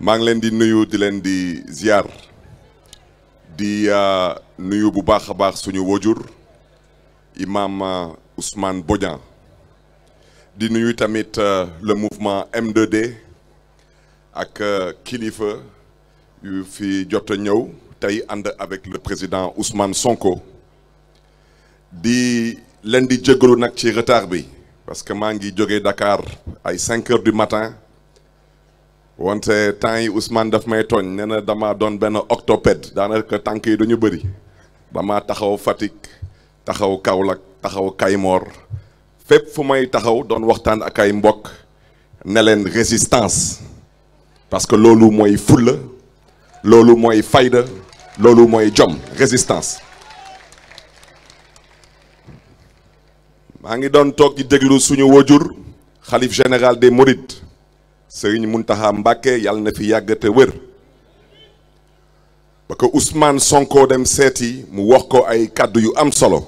maa ngi leen di nuyu di leen di ziar di euh, nuyu bu baax a baax suñu wajur imam euh, Ousmane Bodian di nuyu tamit euh, le mouvement M2D ak kilifa yu fi jot a ñëw tey ànd avec le président Ousmane Sonko di leen di jégalu nag ci retard bi parce que maa ngi jóge Dakar ay 5 heures du matin wante temps yi Ousmane daf may tooñ nee na dama doon benn octopède daanaka tànk yi dañu bëri dama taxaw Fatick taxaw Kaolack taxaw Kaymoor fépp fu may taxaw doon waxtaan ak ay mbokk ne leen résistance parce que loolu mooy fulla loolu mooy fayda loolu mooy jom résistance maa ngi doon toog déglu suñu wajur xalif général des Mourides mun Mountakha Mbacké yàlla na fi yàgg te wér ba ko Ousmane Sonko dem seeti mu wax ko ay kàddu yu am solo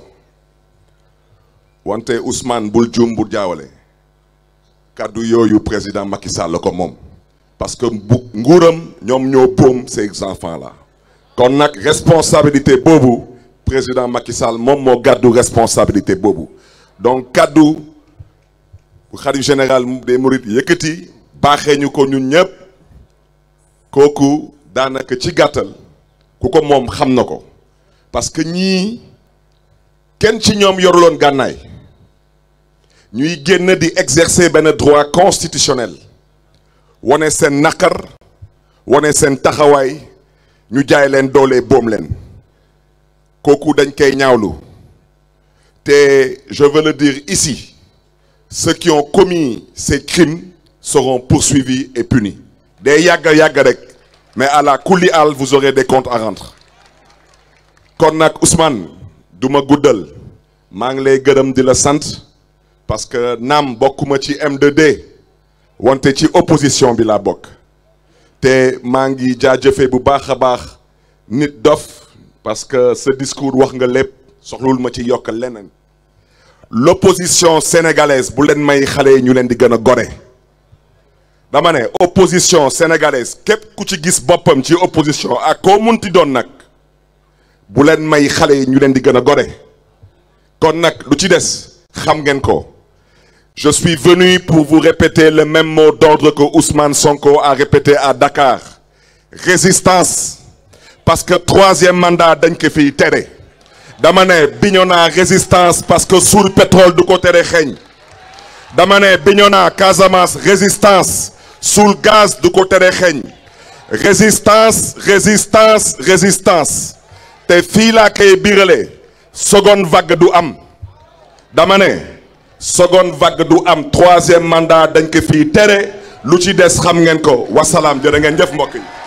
wante Ousmane bul juum bul jaawale kàddu yooyu président Macky la ko moom parce que bu nguuram ñoom ñoo boom ces enfants la kon nag responsabilité boobu président Macky moom moo gàddu responsabilité boobu donc kàddu bu xarit général des Mourides yëkkati baaxee ñu ko ñun ñëpp kooku daanaka ci gàttal ku ko moom xam na ko parce que ñii kenn ci ñoom loon gànnaay ñuy génn di exercer benn droit constitutionnel wane seen naqar wane seen taxawaay ñu jaay leen doole boom leen kooku dañ koy ñaawlu te je veux le dire ici ceux qui ont commis ces crimes seront poursuivis et punis day yàgga yàgg rek mais à la kulli al vous aurez des comptes à rendre kon nag Ousmane du ma guddal maa ngi lay gërëm di la sant parce que naam bokkuma ci m 2 wante ci opposition bi laa bokk te maa ngi jaajëfe bu baax baax nit dof parce que ce discours wax nga lépp soxlul ma ci yokkal leneen l'opposition sénégalaise bu leen may xale yi ñu leen di gën a gore dama ne opposition sénégalaise képp ku ci gis boppam ci opposition ak koo munti doon nag bu leen may xale yi ñu leen di gën a gore kon nag lu ci des xam ngeen ko je suis venu pour vous répéter le même mot d'ordre que Ousmane Sonko a répété à Dakar résistance parce que troisième mandat dañ ko fiy tere dama ne Bignona résistance parce que suul pétrole du ko tere xeeñ dama ne Bignona Casamance résistance suul gaz du ko tere xeeñ résistance résistance résistance te fii laa koy birale seconde vague du am dama ne seconde vague du am troisième mandat dañ ko fii tere lu ci des xam ngeen ko wasalaam jërë ngeen jëf mbokk yi